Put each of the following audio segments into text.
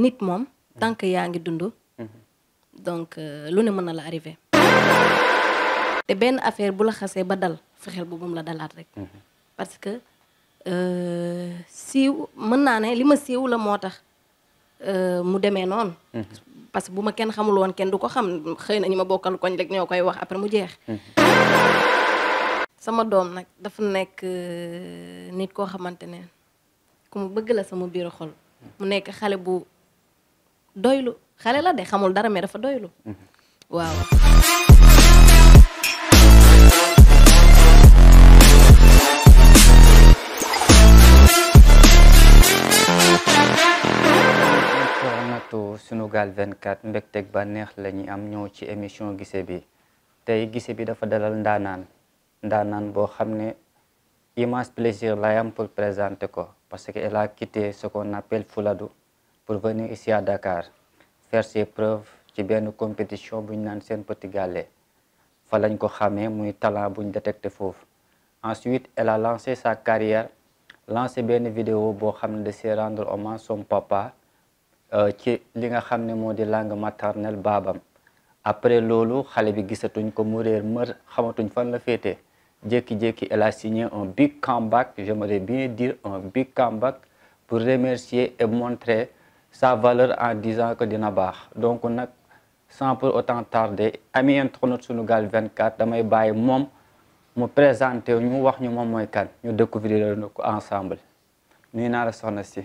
nit moom tant yaa ngi dund mhm. donc euh, lu ne mën na la arrivé te benn affaire bu la xasee ba dal fexeel bu mu la dalaat rek mhm. parce que euh, siiw mën naa ne li ma siiw la moo tax euh, mu demee noonu mhm. parce que bu ma kenn xamul kenn du ko xam xëy na ñu ma bokkal koñ rek ñoo koy wax après mu jeex sama doom nag dafa nekk nit koo xamante ne ku mu bëgg la sama biir xol mu nekk xale bu doylu xale la xamul dara mais dafa doylu mm-hmm. waaw to Sunugal 24 mbégteeg bànneex la ñu am ñëw ci émission gise bi tey gise bi dafa dalal ndaanaan ndaanaan boo xam ne immense plaisir lay am pour présenter ko parce que elle a quitté ce qu'on Fuladu pour venir ici à Dakar faire ses preuves ci benn compétition buñ naan seen petit gallé fa lañ ko xamee muy talent buñ détecté foofu ensuite elle a lancé sa carrière lancé benn vidéo boo xam ne de se rendre hommage son papa euh, ci li nga xam ne moo di langue maternelle baabam après loolu xale bi gisatuñ ko mu réer xamatuñ fan la féete jékki-jékki elle a signé un big comeback j'aimerais bien dire un big comeback pour remercier et montrer sa valeur en disant que dina baax donc nag sans pour autant tarder ami internaute Sunugal 24 damay bàyyi moom mu présenté ñu wax ñu moom mooy kan ñu découvrir ko ensemble nuyu naa la soxna si.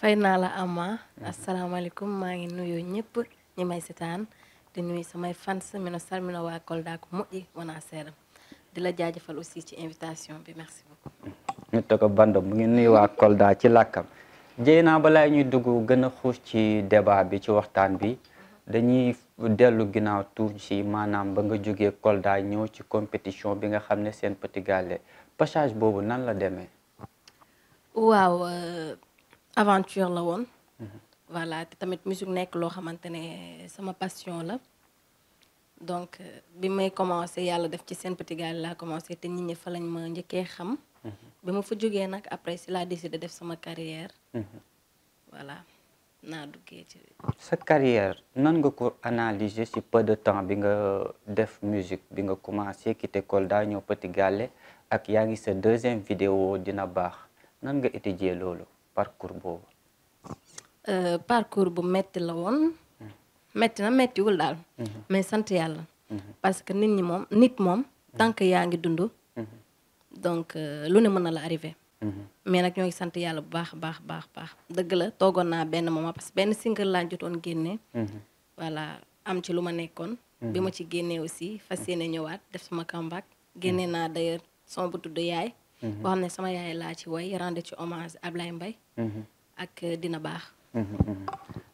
fay naa la Ama. asalaamaaleykum maa ngi nuyu ñëpp ñu may setaan di nuyu samay fans mi no sar mi no waa Kolda ko moƴƴi wona seeram di la jaajëfal aussi ci invitation bi merci beaucoup. ñu toog a band mu ngi nuyu waa Kolda ci làkkam. jéy naa balaa ñuy dugg gën a xuus ci débat bi ci waxtaan bi dañuy dellu ginnaaw tuuti ci maanaam ba nga jógee Kolda ñëw ci compétition bi nga xam ne seen petit gallé passage boobu nan la demee. waaw euh, aventure la woon. Mhm. voilà te tamit musique nekk loo xamante ne sama passion la donc euh, bi may commencé yàlla def ci seen petit laa commencé te nit ñi fa lañ ma njëkkee xam. bi ma fa jógee nag après si laa décidé def sama carrière mhm. voilà naa duggee ci sa carrière nan nga ko analyser si peu de temps bi nga def musique bi nga commencé quitté daal ñëw Petit Gallé ak yaa ngi sa deuxième vidéo dina baax nan nga étudier loolu parcours boobu euh, parcours bu metti la woon mhm. metti na mettiwul daal mhm. mais sant yàlla parce que nit ñi moom nit moom tant yaa ngi dund donc euh, lu ne mën na la arrivé. Mhm. mais nag ñoo ngi sant yàlla bu baax baax baax baax dëgg la toogoon naa benn moment parce que benn single laa jotoon génne. Mhm. voilà am ci lu ma nekkoon. Mhm. bi ma ci génnee aussi fas yéene ñëwaat def sama comeback génne naa d'ailleurs son bu tudd yaay. boo xam ne sama yaay laa ci woy rendre ci hommage Ablaye Mbaye ak euh, dina baax.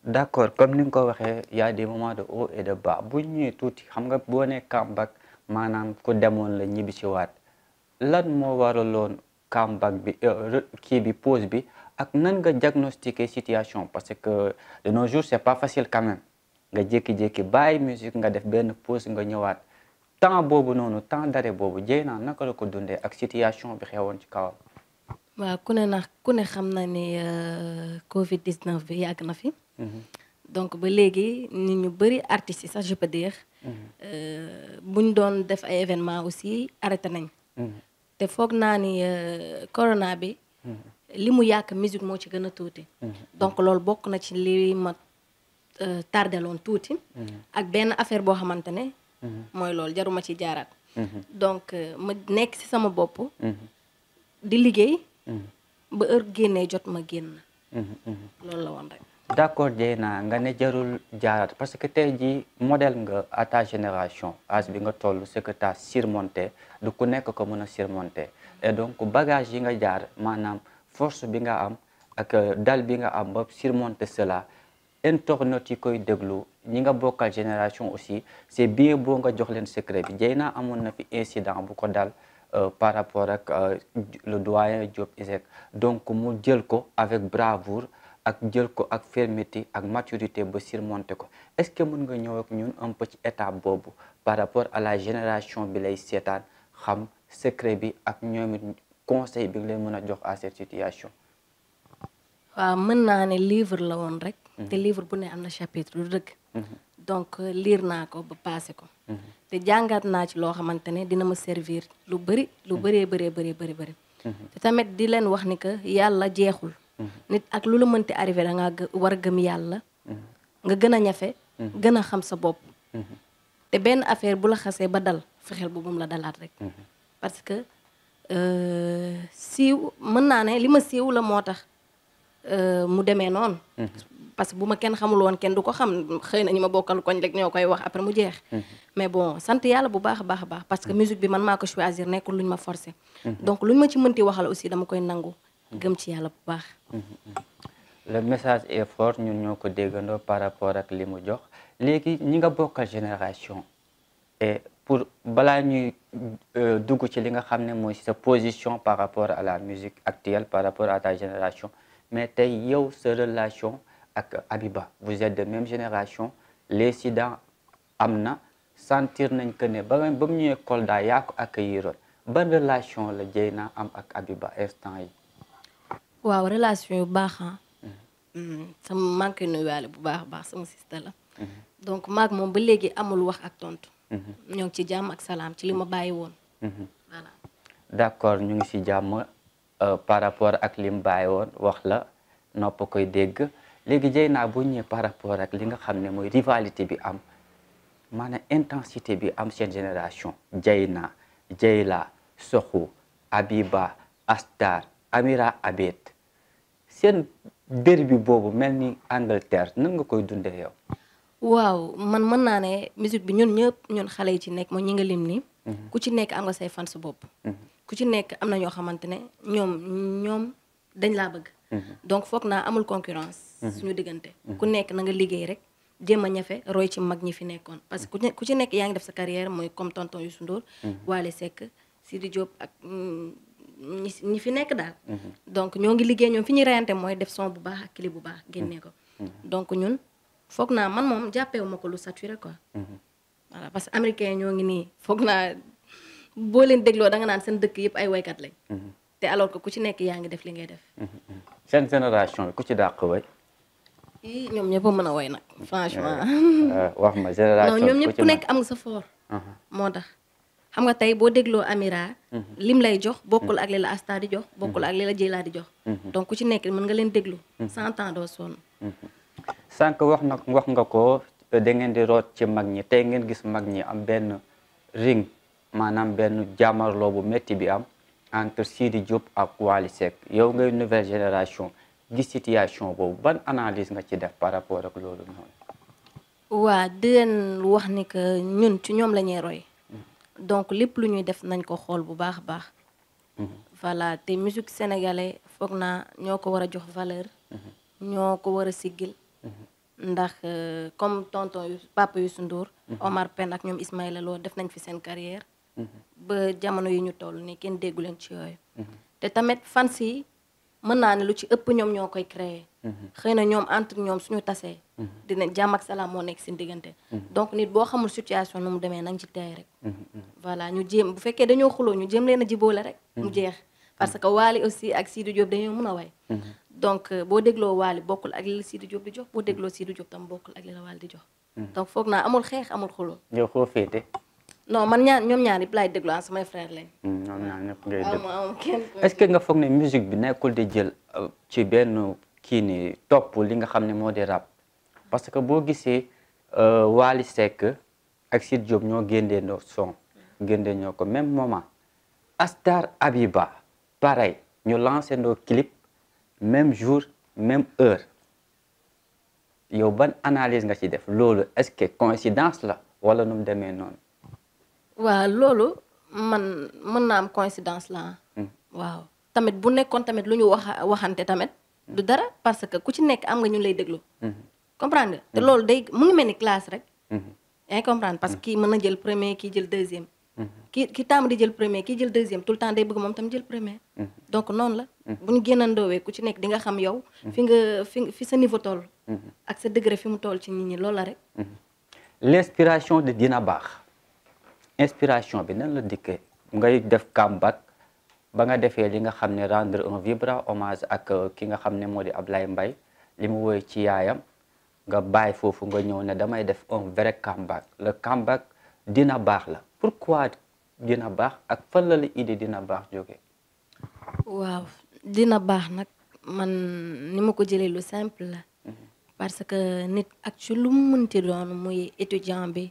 d'accord comme ni nga ko waxee y a des moments de haut et de bas bu ñëwee tuuti xam nga boo nee comeback maanaam ku demoon la ñibbisiwaat. lan moo waraloon comeback bi euh, kii bi pause bi ak nan nga diagnostiquer situation parce que de nos jours c'est pas facile quand nga jékki-jékki bàyyi musique nga def benn pause nga ñëwaat temps boobu noonu temps d'arrêt boobu jéy naa naka la ko dundee ak situation bi xewoon ci kawam. waaw ku ne na ku ne xam na ni euh, Covid 19 bi yàgg na fi. Mhm. donc ba léegi nit ñu bëri artistes yi sax je peux dire. Mhm. Euh, bu ñu doon def ay événements aussi arrêté nañ. Mhm. te foog naa ni euh, corona bi mhm. li mu yàq musique moo ci gën a tuuti mhm. donc loolu bokk na ci li ma euh, tardeloon tuuti mhm. ak benn affaire boo xamante ne mooy loolu jaruma ci jaaraat donc euh, ma nekk ci sama bopp di liggéey ba heure génnee jot ma génn loolu la woon rek d' accord jey naa nga ne jarul jaaraat parce que tey jii modèle nga à génération âge bi nga toll ce que t'as surmonté du ku nekk ko mën a surmonté et donc bagage yi nga jaar maanaam force bi nga am ak euh, dal bi nga am ba surmonter cela internautes yi koy déglu ñi nga bokkal génération aussi c' est bien boo nga jox leen secret bi jey naa amoon na fi incident bu ko dal Euh, par rapport ak euh, le doyen Diop Isaac donc mu jël ko avec bravoure ak jël ko ak fermeté ak maturité ba surmonter ko est-ce que mën nga ñëw ak ñun un peu ci étape boobu par rapport à la génération bi lay seetaan xam secret bi ak ñoom it conseil bi nga leen mën a jox à cette situation. waaw mën naa ne livre la woon rek. Mhm. te livre bu ne am na chapitre lu dëkk mhm. donc euh, liir naa ko ba passé ko. Mhm. te jàngaat naa ci loo xamante ne dina ma servir lu bëri lu bëree bëree bëri bëri. tamit di leen wax ni que yàlla jeexul. nit ak lu la mënti arrivé da ngaa war a gëm yàlla. nga gën a ñafe. gën a xam sa bopp. te benn affaire bu la xasee ba dal fexeel bu mu la dalaat rek. parce que euh, siiw mën naa ne li ma siiw la moo tax euh, mu demee noon parce que bu ma kenn xamul kenn du ko xam xëy na ñu ma bokkal koñ rek ñoo koy wax après mu jeex. mais bon sant yàlla bu baax a baax a baax parce que musique bi man maa ko choisir nekkul luñ ma forcer. donc luñ ma ci mënti waxal aussi dama koy nangu. gëm ci yàlla bu message est fort ñun ñoo ko déggandoo par rapport ak li mu jox léegi ñi nga bokkal génération et pour balaa ñuy euh, dugg ci li nga xam ne mooy si sa position par rapport à la musique actuelle par rapport à ta génération mais tey yow sa relation ak Abiba vous êtes de même génération les sida am na sentir nañ que ne ba ba mu ñëwee Kolda yaa ak accueilliroon ba relation la naa am ak Abiba instant yi. waaw relation yu baax ah. Mhm. Mhm. sama maa ngi koy bu baax baax sama sista la. Mhm. donc maag moom ba léegi amul wax ak tontu. ñoo ngi ci jàmm ak salaam ci li ma bàyyi woon. voilà d'accord ñu ngi ci jàmm euh, par rapport ak li mu woon wax la nopp koy dégg léegi jay naa bu ñëwee par rapport ak li nga xam ne mooy rivalité bi am maanaam intensité bi am seen génération jay na jay laa soxu abiba astar amira abet seen bi boobu mel ni Angleterre nan nga koy dundee yow. waaw man mën naa ne musique bi ñun ñëpp ñun xale yi ci nekk mooy ñi nga lim ni mhm. ku ci nekk am nga say fans bopp. Mhm. ku ci nekk am na ñoo xamante ne ñoom ñoom dañ laa bëgg. Mhm. donc foog naa amul concurrence. suñu diggante. ku nekk na nga liggéey rek jéem a ñafe roy ci mag ñi fi nekkoon parce que ku ci nekk yaa ngi def sa carrière mooy comme tonton Youssou Ndour. Wally Seck Sidi Diop ak. Mm, ñi fi nekk daal. Mhm. donc ñoo ngi liggéey ñoom fi ñu reyante mooy def son bu baax ak clip bu baax génnee mhm. ko. Mhm. donc ñun foog naa man moom jàppee ko lu saturé ko voilà parce que américain ñoo ngi nii foog naa boo leen dégloo da nga naan seen dëkk yëpp ay waykat lañ. te alors que ku ci nekk yaa ngi def li ngay def. seen génération bi ku ci dàq way. ii ñoom ñëpp a mën a woy nag franchement. Eh, eh, wax ma génération non ñoom ñëpp ku nekk am nga sa fort. moo tax. xam nga tey boo dégloo Amira. Mhm. lim lay jox bokkul mhm. ak li la Asta di jox. bokkul mhm. ak li la Dieyla di jox. donc ku ci nekk mën nga leen déglu. cent ans wax na wax nga ko euh, da ngeen di ci mag ñi tey ngeen gis mag ñi am benn ring maanaam benn jàmmarloo bu métti bi am entre di Diop ak Wally seek yow ngay nouvelle génération gis situation boobu ban analyse nga ci def par rapport ak loolu noonu. waa di leen wax ni que ñun ci ñoom la ñuy roy. donc lépp lu ñuy def nañ ko xool bu baax a baax. Mhm. voilà te musique sénégalais foog naa ñoo ko war a jox valeur. Mhm. ñoo ko war a siggil. Mhm. ndax euh, comme tonton yu papa Youssou Ndour. Omar Pène ak ñoom Ismaïla def nañ fi seen carrière. ba jamono yi ñu toll nii kenn déggu leen ci yooyu. te tamit fans yi mën naa ne lu ci ëpp ñoom ñoo koy créer. xëy na ñoom entre ñoom suñu tasee. dina jàmm ak salaam moo nekk seen diggante. donc nit boo xamul situation nu mu demee na ci tey rek. voilà ñu jéem bu fekkee dañoo xuloo ñu jéem leen a jiboole rek. mu mhm. jeex mhm. parce que Waly aussi ak Sidy Diop dañoo mën a way. Mhm. donc euh, boo dégloo Waly bokkul ak li Sidy Diop di jox boo dégloo Sidy Diop tam bokkul ak li la Waly di jox. donc foog naa amul xeex amul xuloo. yow koo féete. non man ñaan ñoom ñaar yëpp laay déglu ah samay frère lañ. ñoom ñaar ñëpp ngay déglu que nga foog ne musique bi nekkul di jël euh, ci benn kii ni topp li nga xam ne moo di rap parce que boo gisee euh, Waly Seck ak Sidy Diop ñoo génnee son. génne ñoo ko même moment Astar Abiba pareil ñu lancé ndoo clip même jour même heure yow ban analyse nga ci def loolu est-ce que coïncidence la wala nu mu demee noonu. waaw loolu man mën naa am coïncidence la hmm. waaw tamit bu nekkoon tamit lu ñu wax waxante tamit. Hmm. du dara parce que ku ci nekk am nga ñu lay déglu. Hmm. comprendre te loolu day mu ngi mel ni classe rek. yaa comprendre parce que kii mën na jël premier kii jël deuxième. ki ki taamu di jël premier ki jël deuxième tout le temps day bëgg moom tam jël premier. Mm-hmm. donc noonu la. Mm-hmm. bu ñu génnandoowee ku ci nekk di nga xam yow. Mm-hmm. fi nga fi fi sa niveau tool ak sa degré fi mu toll ci nit ñi loolu la rek. de Dina Baax inspiration bi nan la dikkee ngay def comeback ba nga defee li nga xam ne rendre un vibrant hommage ak euh, ki nga xam ne moo di lay mbay li mu woy ci yaayam nga bàyyi foofu nga ñëw ne damay def un vrai comeback le comeback Dina Baax la. pourquoi dina baax ak fan la la idée dina baax jóge waaw dina baax nag man ni ma ko jëlee lu simple la mhm. parce que nit ak ci lu mu mënti doon muy étudiant bi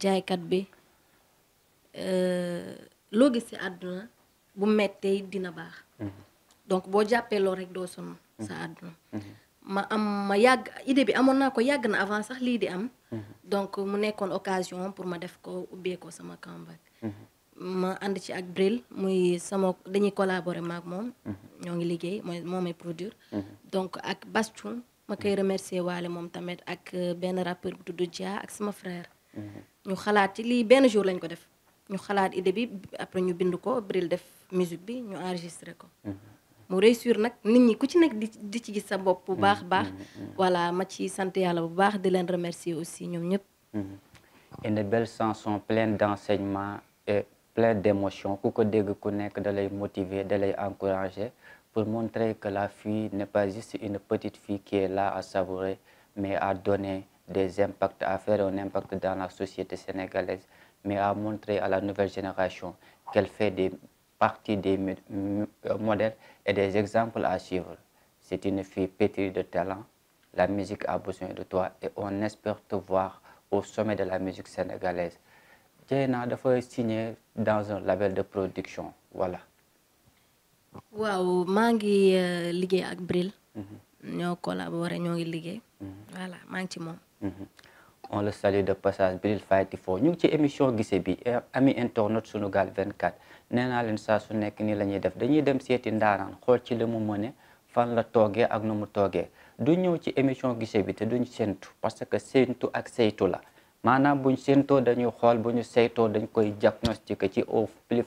jaaykat bi euh, loo gis si àdduna bu mettee dina baax mhm. donc boo jàppee loolu rek doo sonn sa mhm. àdduna ma am ma yàgg idée bi amoon naa ko yàgg na avant sax lii di am donc mu nekkoon occasion pour ma def ko ubbee ko sama comeback mhm. ma ànd ci ak Bril muy sama dañuy collaborer maak moom mhm. ñoo ngi liggéey mooy moo may produire mhm. donc ak Bastoun ma koy remercier waale moom tamit ak euh, benn rappeur bu tudd Dia ak sama frère ñu xalaat ci lii benn jour lañ ko def ñu xalaat idée bi après ñu bind ko Bril def musique bi ñu enregistré ko mu réussir nag nit ñi ku ci nekk di ci gis sa bopp bu mm, baax baax mm, mm, voilà ma ci sant yàlla bu baax di leen remercier aussi ñoom ñëpp une mm-hmm. belle chanson plein d'enseignement et pleine d'émotion ku ko dégg ku nekk da lay motiver da lay encourager pour montrer que la fille n'est pas juste une petite fille qui est là à savourer mais à donner des impacts à faire un impact dans la société sénégalaise mais à montrer à la nouvelle génération qu'elle fait des partie des euh, modèles et des exemples à suivre. C'est une fille pétrie de talent. La musique a besoin de toi et on espère te voir au sommet de la musique sénégalaise. na dafa signer dans un label de production voilà. waaw maa ngi euh, liggéey ak Bril. Mm-hmm. ñoo ngi liggéey. Mm-hmm. voilà maa ngi on le salue de passage Bril Fayeti Fo ñu ngi ci émission gise bi eh, ami internet Sunugal 24 nee naa leen saa su nekk nii lañuy def dañuy dem seeti ndaaraan xool ci li mu mëne fan la toogee ak nu mu toogee du ñëw ci émission gise bi te duñ séentu parce que séentu ak saytu la maanaam buñ séentoo dañuy xool bu ñu saytoo dañ koy diagnostiqué ci au plus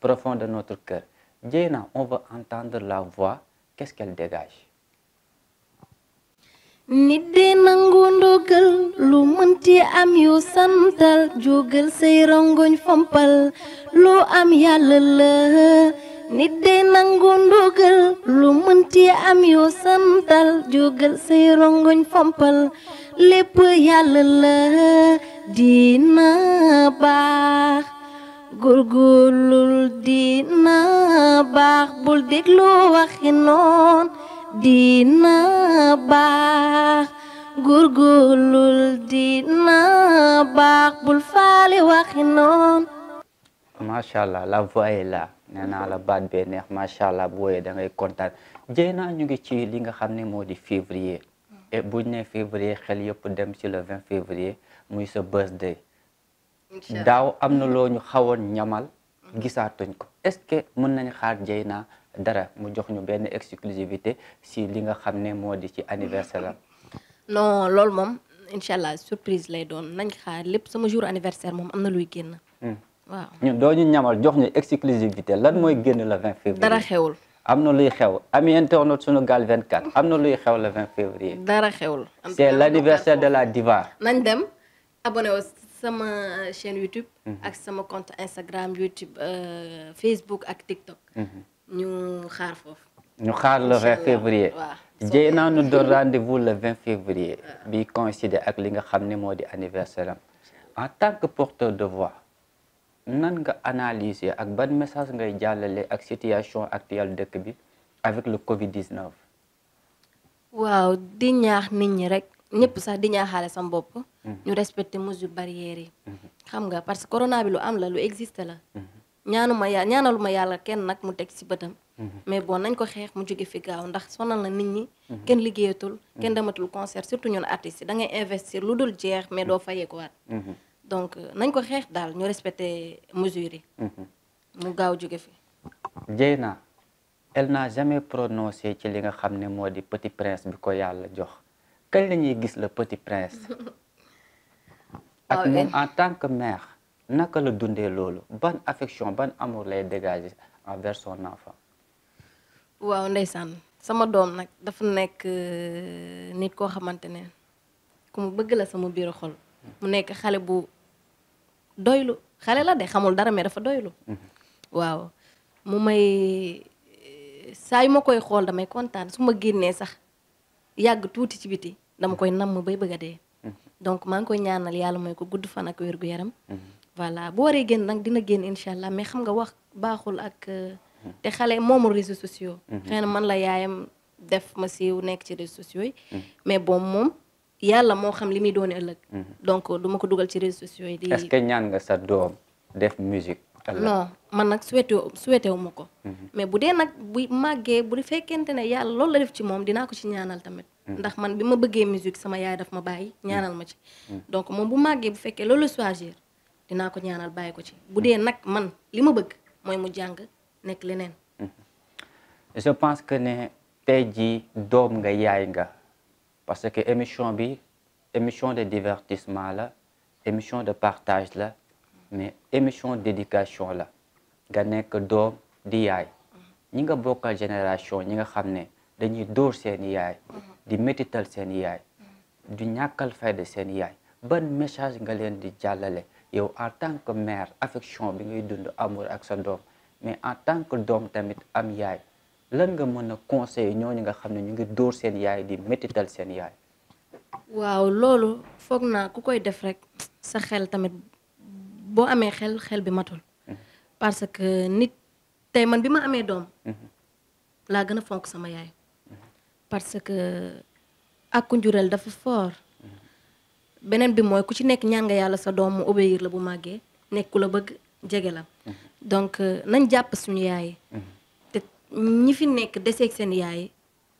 profond de notre cœur Dieyna on va entendre la voix qu'est-ce qu'elle dégage nit de nangu ndogal lu mënti am yu santal jógal say rongoñ fompal lu am yàlla la nit de nangu ndogal lu mënti am yu santal jógal say rongoñ fompal lépp yàlla la dina baax góorgóorlul dina baax bul déglu waxi noon dina baax gurgurlul dina baax bul faale waxi noonu. macha allah la voix est là nee naa la baat bee neex macha allah bu wooyee da ngay kontaan jëy naa ñu ngi ci li nga xam ne moo di février. buñ ne février xel yëpp dem ci le 20 février muy sa birthday. daaw am na loo ñu xawoon ñamal gisaatuñ ko. est-ce que mën nañ xaar Dieyna dara mu jox ñu benn exclusivité si li nga xam ne moo di ci anniversaire la non loolu moom incha allah surprise lay doon nañ xaar lépp sama jour anniversaire moom am na luy génn hmm. waaw ñun doo ñu ñamal jox ñu exclusivité lan mooy génn la 20 dara xewul am na luy xew ami internet sunu gaal 24 am na luy xew le 20 dara xewul c'est l'anniversaire de la diva nañ dem abonné sama chaîne YouTube. Mhm. ak sama compte Instagram YouTube euh, Facebook ak TikTok. Mhm. ñu xaar foofu. ñu xaar le 20 février. jëy naa nu doon rendez-vous le 20 février. bi coïncider ak li nga xam ne moo di anniversaire am. en tant que porteur de voix nan nga analyser ak ban message ngay jàllale ak situation actuelle dëkk bi avec le Covid 19. ñëpp sax di ñaaxaale sa bopp. Mhm. ñu respecter mesures barrières yi. Mhm. xam nga parce que corona bi lu am la lu existe la. Mhm. ñaanuma ya ñaanaluma yàlla kenn nag mu teg ci bëtam. mais bon nañ ko xeex mu jóge fi gaaw ndax sonal na nit ñi. kenn liggéeyatul kenn dematul concert surtout ñun artistes yi da ngay investir lu dul jeex mais doo fayee ko waat. donc euh, nañ ko xeex daal ñu respecter mesures yi. mu gaaw jóge fi. Dieyna elle n'a jamais prononcé ci li nga xam ne moo di petit prince bi ko yàlla jox. kañ la gis le petit prince ak ah, moom en tant que mère naka la dundee loolu ban affection ban amour lay dégager envers son enfant waaw ndeysaan sama doom nag dafa nekk euh, nit koo xamante ne ku mu bëgg la sama biir xol hmm. mu nekk xale bu doylu xale la de xamul dara mais dafa doylu hmm. waaw mu may euh, saa yu ma koy xool damay kontaan su ma génnee sax yàgg tuuti ci biti dama mm-hmm. koy namm bay bëgg a dee. Mm-hmm. donc maa ngi koy ñaanal yàlla mooy ko gudd fan ak wér gu yaram. Mm-hmm. voilà bu waree génn nag dina génn incha allah mais xam nga wax baaxul ak. Euh, te xale moomul réseaux sociaux. xëy na man la yaayam def ma siiw nekk ci réseaux sociaux yi. mais bon moom yàlla moo xam li muy doon ëllëg. donc duma ko dugal ci réseaux sociaux yi. di est-ce que ñaan nga sa doom def musique. non man nag souhaité souhaité wu ma ko. Mhm. mais bu dee nag bu màggee bu fekkente ne yàlla loolu la def ci moom dinaa ko ci ñaanal tamit. Mhm. ndax man bi ma bëggee musique sama yaay daf ma bàyyi mhm. ñaanal ma ci. donc moom bu màggee bu fekkee loolu choisir dinaa ko ñaanal bàyyi ko ci bu dee nag man li ma bëgg mooy mu jàng nekk leneen. je pense que ne tey jii doom nga yaay nga parce que émission bi émission de divertissement la émission de partage la. mais émission d'éducation la nga nekk doom di yaay ñi nga bokkal génération ñi nga xam ne dañuy door seen yaay mhm. di métital seen yaay mhm. du ñàkkal fayda seen yaay ban message nga leen di jàllale yow en tant que mère affection bi ngay dund amour ak sa doom mais en tant que doom tamit am yaay lan nga mën a ñoo ñooñu nga xam ne ñu ngi dóor seen yaay di métital seen yaay waaw loolu foog naa ku koy def rek sa xel tamit boo amee xel xel bi matul mhm. parce que nit tey man bi ma amee doom mhm. laa gën a fonk sama yaay mhm. parce que ak ku njureel dafa fort beneen bi mooy ku ci nekk ñaan nga yàlla sa doom mu obéir la bu màggee nekk ku la bëgg jege la donc euh, nañ jàpp suñu yaay te ñi fi nekk deseeg seen yaay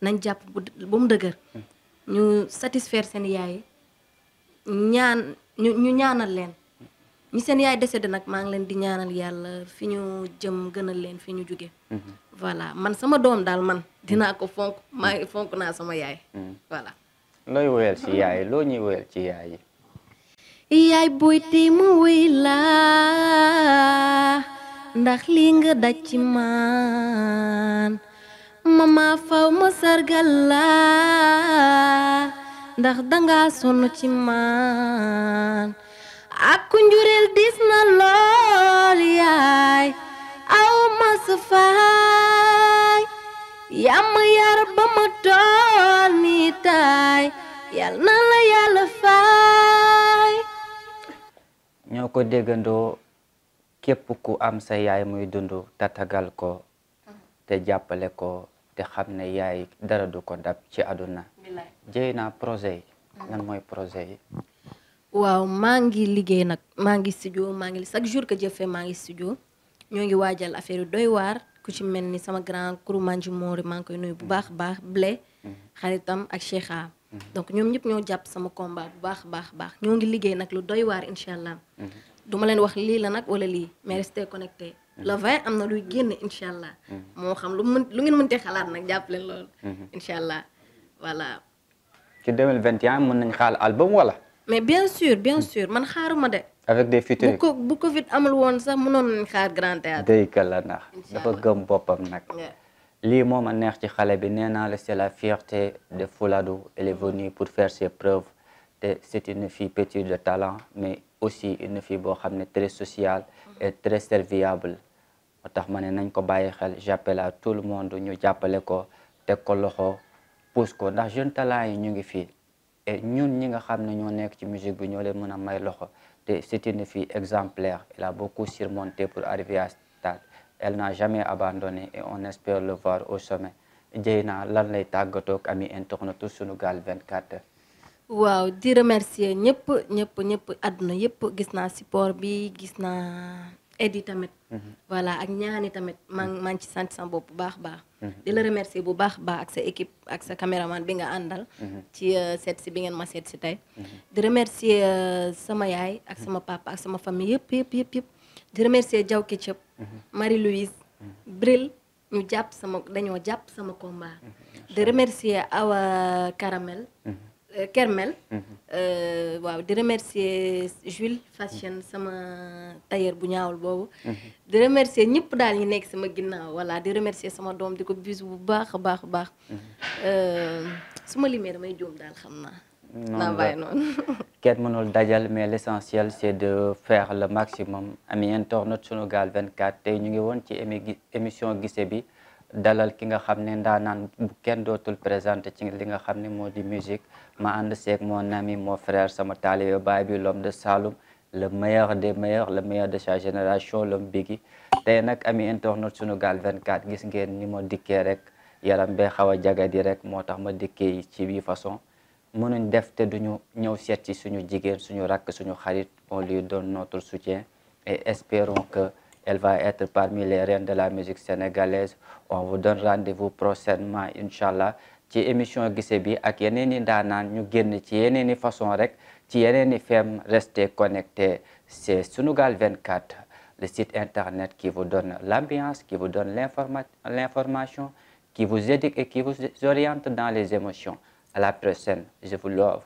nañ jàpp ba mu dëgër ñu satisfaire seen yaay ñaan ñu ñaanal leen ñi seen yaay décédé nag maa ngi leen di ñaanal yàlla fi ñu jëm gënal leen fi ñu jóge mm-hmm. voilà man sama doom daal man mm-hmm. dinaa ko fonk maa fonk naa sama yaay mm-hmm. looy woyal ci yaay loo ñuy woyal ci yaay yi yaay booy tey ma woy laa ndax lii nga daj ci maan mama faw ma sargal laa ndax danga sonn ci maan ak ku njureel lool yaay aw mas faay yàmm yar ba ma tool ni taay yal na la yàlla faay ñoo ko déggandoo képp ku am sa yaay muy dund tatagal ko te jàppale ko te xam ne yaay dara du ko dab ci àdduna jëy na projet yi lan projet yi waaw maa ngi liggéey nag maa ngi studio maa ngi chaque jour que Dieu maa ngi studio ñoo ngi waajal affaire yu doy waar ku ci mel ni sama grand Kouroumanji Mori maa ngi koy nuyu bu baax a baax Blé. Mhm. xaritam ak Cheikha. Mhm. donc ñoom ñëpp ñoo jàpp sama combat bu baax a baax baax ñoo ngi liggéey nag lu doy waar incha allah. Mhm. du leen wax lii la nag wala lii mais restez connecté. la vingt am na luy génn incha allah. moo xam lu mën lu ngeen mënti xalaat nag jàpp leen loolu. incha allah voilà. ci 2021 mën nañ xaal album wala. mais bien sûr bien hmm. sûr man xaaruma de. avec des futurs bu ko bu Covid amul woon sax mënoon nañ xaar grand théâtre. day ka la nax dafa gëm boppam nag. lii moom a neex ci xale bi nee naa la c'est la fierté de Fouladou elle est pour faire ses preuves te c'est une fi pétrie de talent mais aussi une fille boo xam ne très sociale et très serviable moo tax ma ne nañ ko bàyyi xel j'appelle à tout le monde ñu jàppale ko teg ko loxo pousse ko ndax jeune talent yi ñu ngi fii et ñun ñi nga xam ne ñoo nekk ci musique bi ñoo leen mën a may loxo te c'est une fille exemplaire elle a beaucoup surmonté pour arriver à ce stade elle n'a jamais abandonné et on espère le voir au sommet Dieyna lan lay tàggatoo ak ami internetu Sunugal 24 waaw di remercier ñëpp ñëpp ñëpp àdduna yëpp gis naa support bi gis naa aide yi tamit. Mhm. voilà ak ñaani tamit maa mhm. maa ngi ci sant sama bopp bu baax baax. Mhm. di la remercier bu baax baax ak sa équipe ak sa caméraman bi nga àndal. ci euh, seet si bi ngeen ma seet si tey. di remercier euh, sama yaay ak sama papa ak sama famille yëpp yëpp yëpp yëpp. di remercier jaw Ketchup. Marie Louise. Bril ñu jàpp sama dañoo jàpp sama combat. di remercier Awa Caramel. Euh, Kermel. Mhm. Euh, waaw di remercier Jules Fashion sama tailleur bu ñaawul boobu. Mhm. di remercier ñëpp daal ñi nekk sama ginnaaw voilà di remercier sama doom di ko bis bu baax a baax a baax. Mhm. Euh, su ma limee damay juum daal xam naa. naa bàyyi noonu. kenn mënul dajal mais l' essentiel c' est de faire le maximum ami internaute Sunugal 24 tey ñu ngi woon ci émi émission gise bi. dalal ki nga xam ne ndaanaan bu kenn dootul présente ci li nga xam ne moo di musique ma ànd seeg mon ami moo frère sama taalibe baay bi de Saloum le meilleur de meilleurs le meilleur de sa génération l'homme Biggi tey nag ami internet Sunugal 24 gis ngeen ni moo dikkee rek yaram bee xaw a jagadi rek moo tax ma dikkee ci bi façon mënuñ def te ñu ñëw seet ci suñu jigéen suñu rakk suñu xarit on lui donne notre soutien et espérons Elle va être parmi les reines de la musique sénégalaise. On vous donne rendez-vous prochainement inchallah ci émission gise bi ak yeneen i ndaanaan ñu génn ci yeneen i façon rek ci yeneen i fem restez connectés c'est Sunugal 24 le site internet qui vous donne l'ambiance qui vous donne l'information qui vous éduque et qui vous oriente dans les émotions à la prochaine je vous love